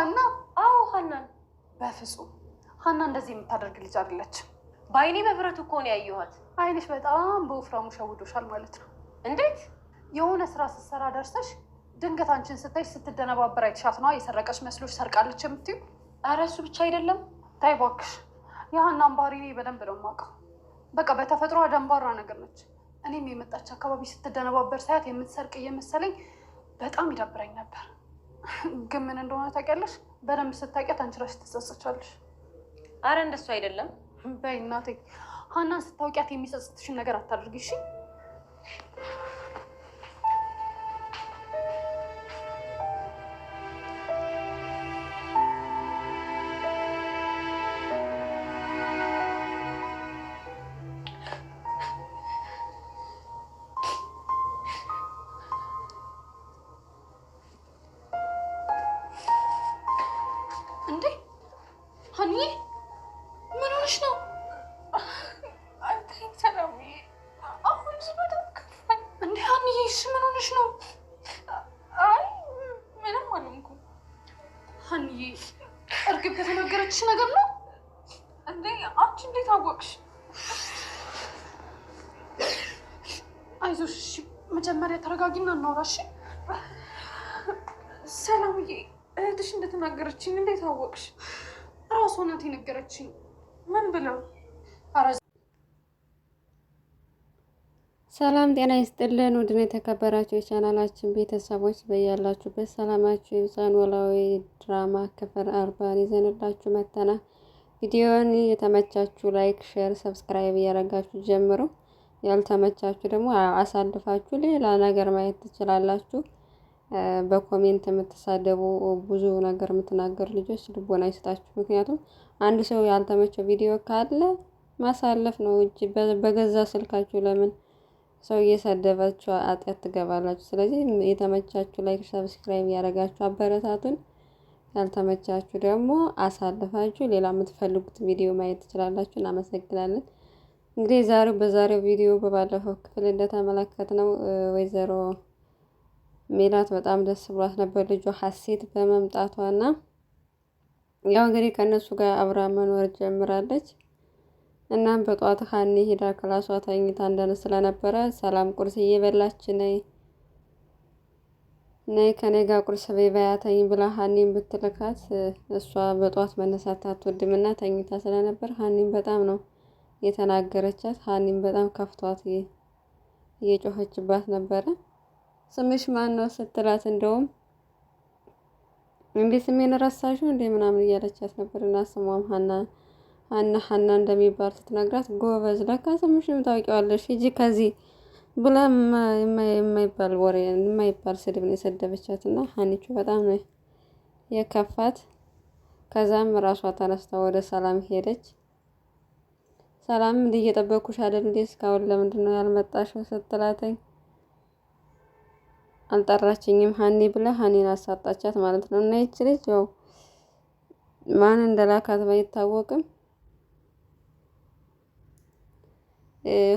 ሀና? አዎ ሀናን። በፍጹም ሀና እንደዚህ የምታደርግ ልጅ አይደለችም። በአይኔ በብረት እኮ ነው ያየኋት። አይንሽ በጣም በወፍራሙ ሸውዶሻል ማለት ነው። እንዴት? የሆነ ስራ ስትሰራ ደርሰሽ ድንገት አንቺን ስታይ ስትደነባበር አይተሻት ነዋ። የሰረቀች መስሎች ሰርቃለች የምትዩ? ኧረ እሱ ብቻ አይደለም። ታይባክሽ እባክሽ፣ የሀናን ባህሪ እኔ በደንብ ነው የማውቀው። በቃ በተፈጥሮ ደንባራ ነገር ነች። እኔም የመጣች አካባቢ ስትደነባበር ሳያት የምትሰርቅ እየመሰለኝ በጣም ይደብረኝ ነበር። ግን ምን እንደሆነ ታውቂያለሽ? በደንብ ስታውቂያት አንቺ እራስሽ ትጸጸቻለሽ። አረ እንደሱ አይደለም። በይ እናቴ ሀናን ስታውቂያት የሚጸጽትሽን ነገር አታድርጊ እሺ። ተረጋጊና እናውራ ሰላምዬ እህትሽ እንደተናገረችኝ እንዴት አወቅሽ? ራሷ ናት የነገረችኝ። ምን ብለው? ሰላም ጤና ይስጥልን። ውድን የተከበራችሁ የቻናላችን ቤተሰቦች በያላችሁበት ሰላማችሁ ይብዛን። ኖላዊ ድራማ ክፍል አርባን ይዘንላችሁ መተና። ቪዲዮን የተመቻችሁ ላይክ፣ ሼር፣ ሰብስክራይብ እያረጋችሁ ጀምሩ። ያልተመቻችሁ ደግሞ አሳልፋችሁ ሌላ ነገር ማየት ትችላላችሁ። በኮሜንት የምትሳደቡ ብዙ ነገር የምትናገሩ ልጆች ልቦና ይስጣችሁ። ምክንያቱም አንድ ሰው ያልተመቸው ቪዲዮ ካለ ማሳለፍ ነው እንጂ በገዛ ስልካችሁ ለምን ሰው እየሰደባችሁ አጥያት ትገባላችሁ? ስለዚህ የተመቻችሁ ላይክ፣ ሰብስክራይብ ያደረጋችሁ አበረታቱን። ያልተመቻችሁ ደግሞ አሳልፋችሁ ሌላ የምትፈልጉት ቪዲዮ ማየት ትችላላችሁ። እናመሰግናለን። እንግዲህ ዛሬው በዛሬው ቪዲዮ በባለፈው ክፍል እንደተመለከት ነው ወይዘሮ ሜላት በጣም ደስ ብሏት ነበር ልጇ ሀሴት በመምጣቷ እና ያው እንግዲህ ከእነሱ ጋር አብራ መኖር ጀምራለች። እናም በጧት ሀኒ ሄዳ ክላሷ ተኝታ እንደን ስለነበረ ሰላም ቁርስ እየበላች ነይ ነይ ከኔ ጋር ቁርስ በይባያተኝ ብላ ሀኒን ብትልካት እሷ በጧት መነሳት አትወድምና ተኝታ ስለነበር ሀኒን በጣም ነው የተናገረቻት ሀኒም በጣም ከፍቷት እየጮኸችባት ነበረ። ስምሽ ማን ነው ስትላት እንደውም እንዴት ስሜን ረሳሽው እንዴ ምናምን እያለቻት ነበር። እና ስሟም ሀና ሀና ሀና እንደሚባል ስትነግራት ጎበዝ ለካ ስምሽም ታውቂዋለሽ ሂጂ ከዚህ ብላ የማይባል ወሬ የማይባል ስድብ ነው የሰደበቻት። እና ሀኒቹ በጣም ነው የከፋት። ከዛም ራሷ ተነስታ ወደ ሰላም ሄደች። ሰላም እንዴ እየጠበኩሽ አይደል እንዴ እስካሁን ለምንድን ነው ያልመጣሽው? ስትላተኝ አልጠራችኝም ሀኒ ብለ ሀኒን አሳጣቻት ማለት ነው። እና ይች ልጅ ያው ማን እንደላካት ባይታወቅም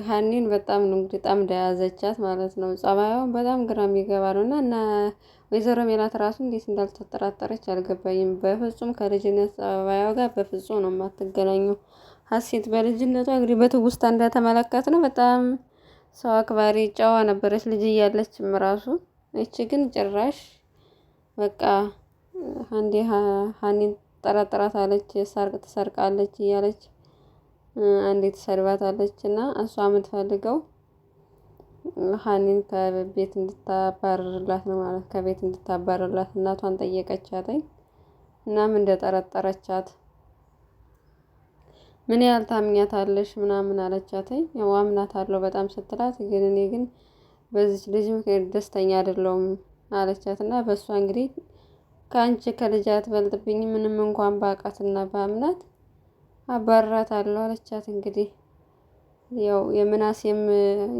ሀኒን በጣም ነው እንግዲህ በጣም እንደያዘቻት ማለት ነው። ጸባዩን በጣም ግራ የሚገባ ነው እና እና ወይዘሮ ሜላት ራሱ እንዴት እንዳልተጠራጠረች አልገባኝም። በፍጹም ከልጅነት ጸባዩ ጋር በፍጹም ነው የማትገናኘው። ሀሴት በልጅነቷ እንግዲህ በትውስታ እንደተመለከት ነው በጣም ሰው አክባሪ ጨዋ ነበረች ልጅ እያለችም ራሱ። እቺ ግን ጭራሽ በቃ አንዴ ሀኒን ጠረጥራት አለች ትሰርቃለች እያለች አንዴ ትሰድባታለች እና እሷ የምትፈልገው ሀኒን ከቤት እንድታባርርላት ነው ማለት ከቤት እንድታባርርላት እናቷን ጠየቀቻትኝ። እናም እንደጠረጠረቻት ምን ያህል ታምኛታለሽ ምናምን አለቻትኝ። ያው አምናታለሁ በጣም ስትላት፣ ግን እኔ ግን በዚች ልጅ ምክንያት ደስተኛ አይደለሁም አለቻት እና በእሷ እንግዲህ ከአንቺ ከልጅ አትበልጥብኝ ምንም እንኳን በአቃትና በአምናት አለው አለቻት። እንግዲህ ያው የምናሴም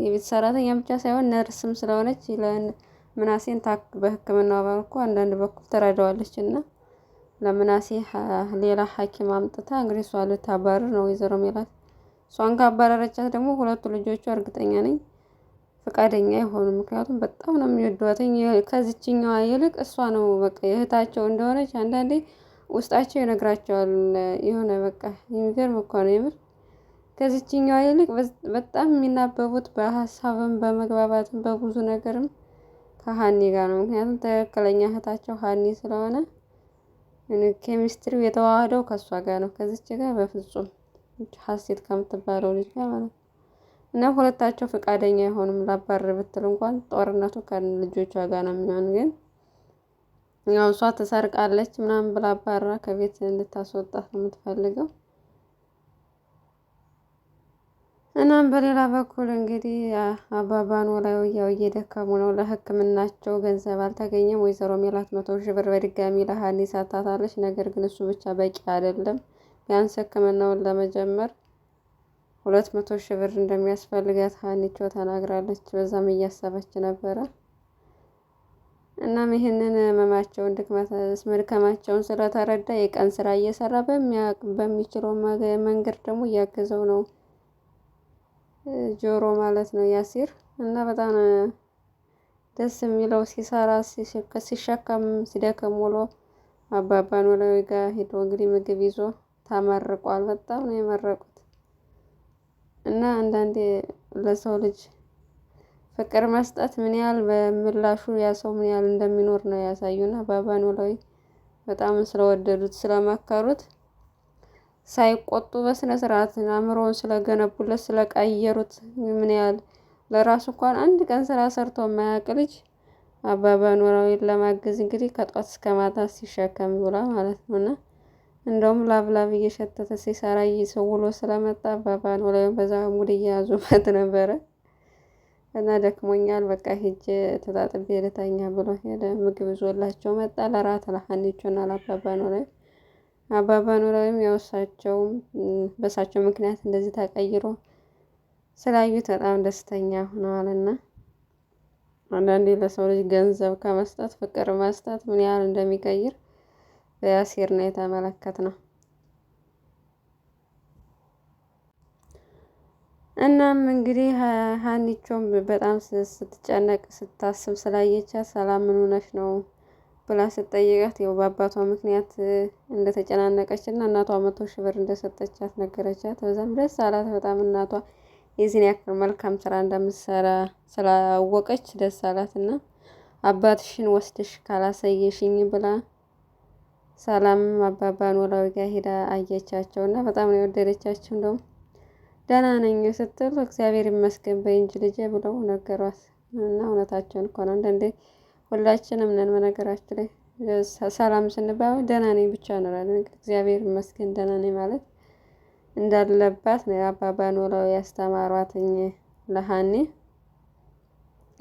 የቤት ሰራተኛ ብቻ ሳይሆን ነርስም ስለሆነች ምናሴን ታክ በሕክምና ባልኩ አንዳንድ በኩል ትረዳዋለች እና ለምናሴ ሌላ ሐኪም አምጥታ እንግዲህ እሷ ልታባረር ነው ወይዘሮ ሜላት። እሷን ካባረረቻት ደግሞ ሁለቱ ልጆቹ እርግጠኛ ነኝ ፈቃደኛ አይሆኑም። ምክንያቱም በጣም ነው የሚወዷትኝ። ከዚችኛዋ ይልቅ እሷ ነው በቃ እህታቸው እንደሆነች አንዳንዴ ውስጣቸው ይነግራቸዋል። የሆነ በቃ የሚገርም እኮ ነው የምር። ከዚችኛዋ ይልቅ በጣም የሚናበቡት በሀሳብም በመግባባትም በብዙ ነገርም ከሀኒ ጋር ነው። ምክንያቱም ትክክለኛ እህታቸው ሀኒ ስለሆነ ኬሚስትሪው የተዋህደው ከእሷ ጋር ነው። ከዚች ጋር በፍጹም ሀሴት ከምትባለው ልጅ ጋር ማለት ነው። እና ሁለታቸው ፈቃደኛ አይሆንም። ላባር ብትል እንኳን ጦርነቱ ከልጆቿ ጋር ነው የሚሆን። ግን ያው እሷ ትሰርቃለች ምናምን ብላ አባራ ከቤት እንድታስወጣት ነው የምትፈልገው። እናም በሌላ በኩል እንግዲህ አባባ ኖላዊ ያው እየደከሙ ነው። ለሕክምናቸው ገንዘብ አልተገኘም። ወይዘሮ ሜላት መቶ ሺህ ብር በድጋሚ ለሀኒ ሳታታለች። ነገር ግን እሱ ብቻ በቂ አይደለም። ቢያንስ ሕክምናውን ለመጀመር ሁለት መቶ ሺህ ብር እንደሚያስፈልጋት ሀኒቾ ተናግራለች። በዛም እያሰበች ነበረ። እናም ይህንን ህመማቸውን ድክመታቸውን ስለተረዳ የቀን ስራ እየሰራ በሚችለው መንገድ ደግሞ እያገዘው ነው ጆሮ ማለት ነው ያሲር እና በጣም ደስ የሚለው ሲሰራ ሲሸከም ሲደክም ውሎ አባባ ኖላዊ ጋር ሄዶ እንግዲህ ምግብ ይዞ ተመርቋል። በጣም ነው የመረቁት እና አንዳንዴ ለሰው ልጅ ፍቅር መስጠት ምን ያህል በምላሹ ያ ሰው ምን ያህል እንደሚኖር ነው ያሳዩና አባባ ኖላዊ በጣም ስለወደዱት ስለመከሩት ሳይቆጡ በስነ ስርዓት አእምሮውን ስለገነቡለት ስለቀየሩት ምን ያህል ለራሱ እንኳን አንድ ቀን ስራ ሰርቶ የማያውቅ ልጅ አባባ ኖላዊን ለማገዝ እንግዲህ ከጧት እስከ ማታ ሲሸከም ይውላል ማለት ነው። እና እንደውም ላብላብ እየሸተተ ሲሰራ እየሰውሎ ስለመጣ አባባ ኖላዊን በዛ ሙድ እየያዙበት ነበረ። እና ደክሞኛል፣ በቃ ሂጅ ተጣጥቤ ልተኛ ብሎ ሄደ። ምግብ ይዞላቸው መጣ ለራት ለሀኒቾና ለአበበ ኖላዊ አባባ ኖላዊም ያው እሳቸውም በእሳቸው ምክንያት እንደዚህ ተቀይሮ ስላዩት በጣም ደስተኛ እና አንዳንዴ ለሰው ልጅ ገንዘብ ከመስጠት ፍቅር መስጠት ምን ያህል እንደሚቀይር በያሲር ነው የተመለከት ነው። እናም እንግዲህ ሀኒቾም በጣም ስትጨነቅ ስታስብ ስላየቻት ሰላም ምን ሆነሽ ነው ብላ ስትጠይቃት ያው በአባቷ ምክንያት እንደተጨናነቀች እና እናቷ መቶ ሺህ ብር እንደሰጠቻት ነገረቻት። በዛም ደስ አላት በጣም እናቷ የዚህን ያክል መልካም ስራ እንደምትሰራ ስላወቀች ደስ አላት እና አባትሽን ወስድሽ ካላሳየሽኝ ብላ ሰላም አባባ ኖላዊ ጋር ሄዳ አየቻቸው እና በጣም ነው የወደደቻቸው። እንደውም ደህና ነኝ ስትል እግዚአብሔር ይመስገን በይ እንጂ ልጄ ብለው ነገሯት እና እውነታቸውን እኮ ነው አንዳንዴ ሁላችንም ነን። በነገራችን ላይ ሰላም ስንባባል ደህና ነኝ ብቻ እንላለን። እንግዲህ እግዚአብሔር ይመስገን ደህና ነኝ ማለት እንዳለባት ነው አባባ ኖላዊ ያስተማሯትኝ ለሀኒ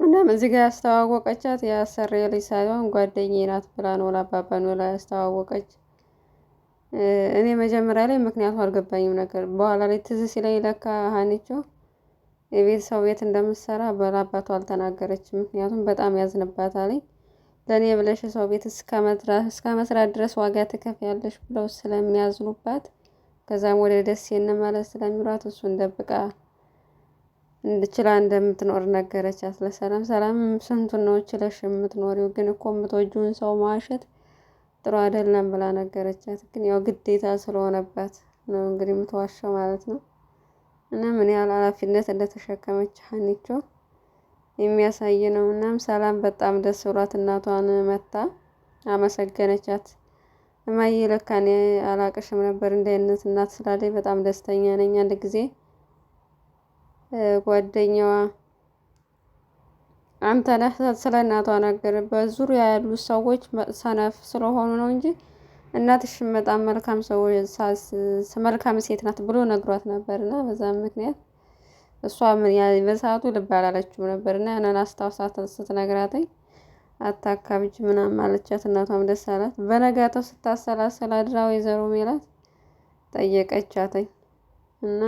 እናም እዚህ ጋር ያስተዋወቀቻት የአሰሬ ልጅ ሳይሆን ጓደኛዬ ናት ብላ ነው ለአባባ ኖላዊ ያስተዋወቀች። እኔ መጀመሪያ ላይ ምክንያቱ አልገባኝም ነገር በኋላ ላይ ትዝ ሲለኝ ለካ ሀኒቾ የቤት ሰው ቤት እንደምትሰራ በላባቷ አልተናገረችም። ምክንያቱም በጣም ያዝንባታል። ለእኔ ብለሽ ሰው ቤት እስከ መስራት ድረስ ዋጋ ትከፍያለሽ ብለው ስለሚያዝኑባት ከዛም ወደ ደሴ እንመለስ ስለሚሏት እሱን ደብቃ እንድችላ እንደምትኖር ነገረቻት። ለሰላም ሰላም ስንቱን ነው ችለሽ የምትኖሪው? ግን እኮ የምትወጂውን ሰው መዋሸት ጥሩ አይደለም ብላ ነገረቻት። ግን ያው ግዴታ ስለሆነባት ነው እንግዲህ የምትዋሸው ማለት ነው። እና ምን ያህል ኃላፊነት እንደተሸከመች ሀኒቾ የሚያሳይ ነው። እናም ሰላም በጣም ደስ ብሏት እናቷን መታ አመሰገነቻት። እማዬ ለካ እኔ አላቅሽም ነበር እንደ አይነት እናት ስላለኝ በጣም ደስተኛ ነኝ። አንድ ጊዜ ጓደኛዋ አንተ ነህ ስለ እናቷ ነገር በዙሪያ ያሉ ሰዎች ሰነፍ ስለሆኑ ነው እንጂ እናትሽ በጣም መልካም ሰው መልካም ሴት ናት ብሎ ነግሯት ነበር እና በዛም ምክንያት እሷ በሰዓቱ ልብ አላለችም ነበር እና ያንን አስታውሳት ስትነግራትኝ አታካብጅ ምናምን አለቻት። እናቷም ደስ አላት። በነጋታው ስታሰላሰል አድራ ወይዘሮ ሜላት ጠየቀቻትኝ እና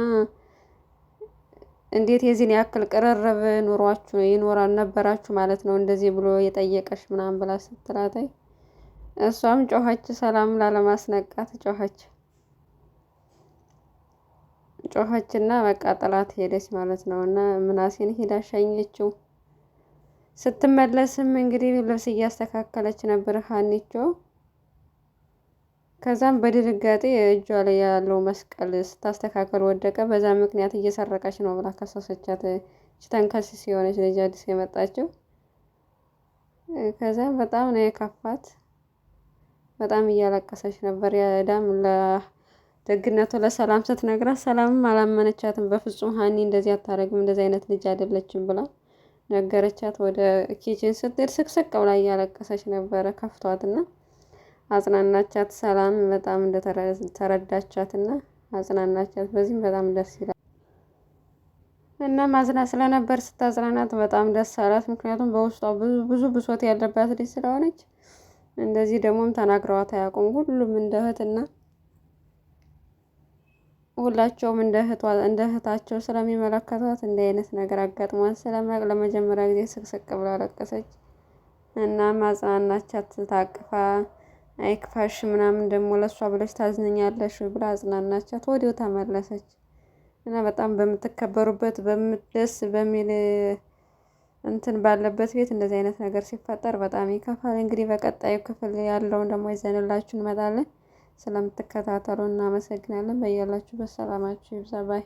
እንዴት የዚህን ያክል ቅርርብ ኑሯችሁ ይኖራል ነበራችሁ ማለት ነው እንደዚህ ብሎ የጠየቀሽ ምናምን ብላ ስትላተኝ እሷም ጮኸች። ሰላም ላለማስነቃት ጮኸች ጮኸች እና በቃ ጥላት ሄደች ማለት ነው። እና ምናሴን ሄዳ ሸኘችው። ስትመለስም እንግዲህ ልብስ እያስተካከለች ነበር ሀኒቾ። ከዛም በድንጋጤ እጇ ላይ ያለው መስቀል ስታስተካከል ወደቀ። በዛ ምክንያት እየሰረቀች ነው ብላ ከሰሰቻት። ችተንከስ ሲሆነች ልጅ አዲስ የመጣችው ከዛም በጣም ነው የከፋት። በጣም እያለቀሰች ነበር። ያዳም ለደግነቱ ለሰላም ስትነግራት ሰላምም አላመነቻትም። በፍጹም ሀኒ እንደዚህ አታደርግም፣ እንደዚህ አይነት ልጅ አይደለችም ብላ ነገረቻት። ወደ ኪችን ስትሄድ ስቅስቅ ብላ እያለቀሰች ነበረ ከፍቷትና አጽናናቻት። ሰላም በጣም እንደተረዳቻትና አጽናናቻት። በዚህም በጣም ደስ ይላል። እና ማዝና ስለነበር ስታዝናናት በጣም ደስ አላት። ምክንያቱም በውስጧ ብዙ ብሶት ያለባት ልጅ ስለሆነች እንደዚህ ደግሞም ተናግረዋት አያውቁም። ሁሉም እንደ እህትና ሁላቸውም እንደ እህቷ እንደ እህታቸው ስለሚመለከቷት እንዲህ አይነት ነገር አጋጥሟት ስለማያውቅ ለመጀመሪያ ጊዜ ስቅስቅ ብላ አለቀሰች እና ማጽናናቻት ታቅፋ አይክፋሽ ምናምን ደግሞ ለእሷ ብለሽ ታዝነኛለሽ ብላ አጽናናቻት። ወዲያው ተመለሰች እና በጣም በምትከበሩበት በምትደስ በሚል እንትን ባለበት ቤት እንደዚህ አይነት ነገር ሲፈጠር በጣም ይከፋል። እንግዲህ በቀጣዩ ክፍል ያለውን ደግሞ ይዘንላችሁ እንመጣለን። ስለምትከታተሉ እናመሰግናለን። በያላችሁበት ሰላማችሁ ይብዛ ባይ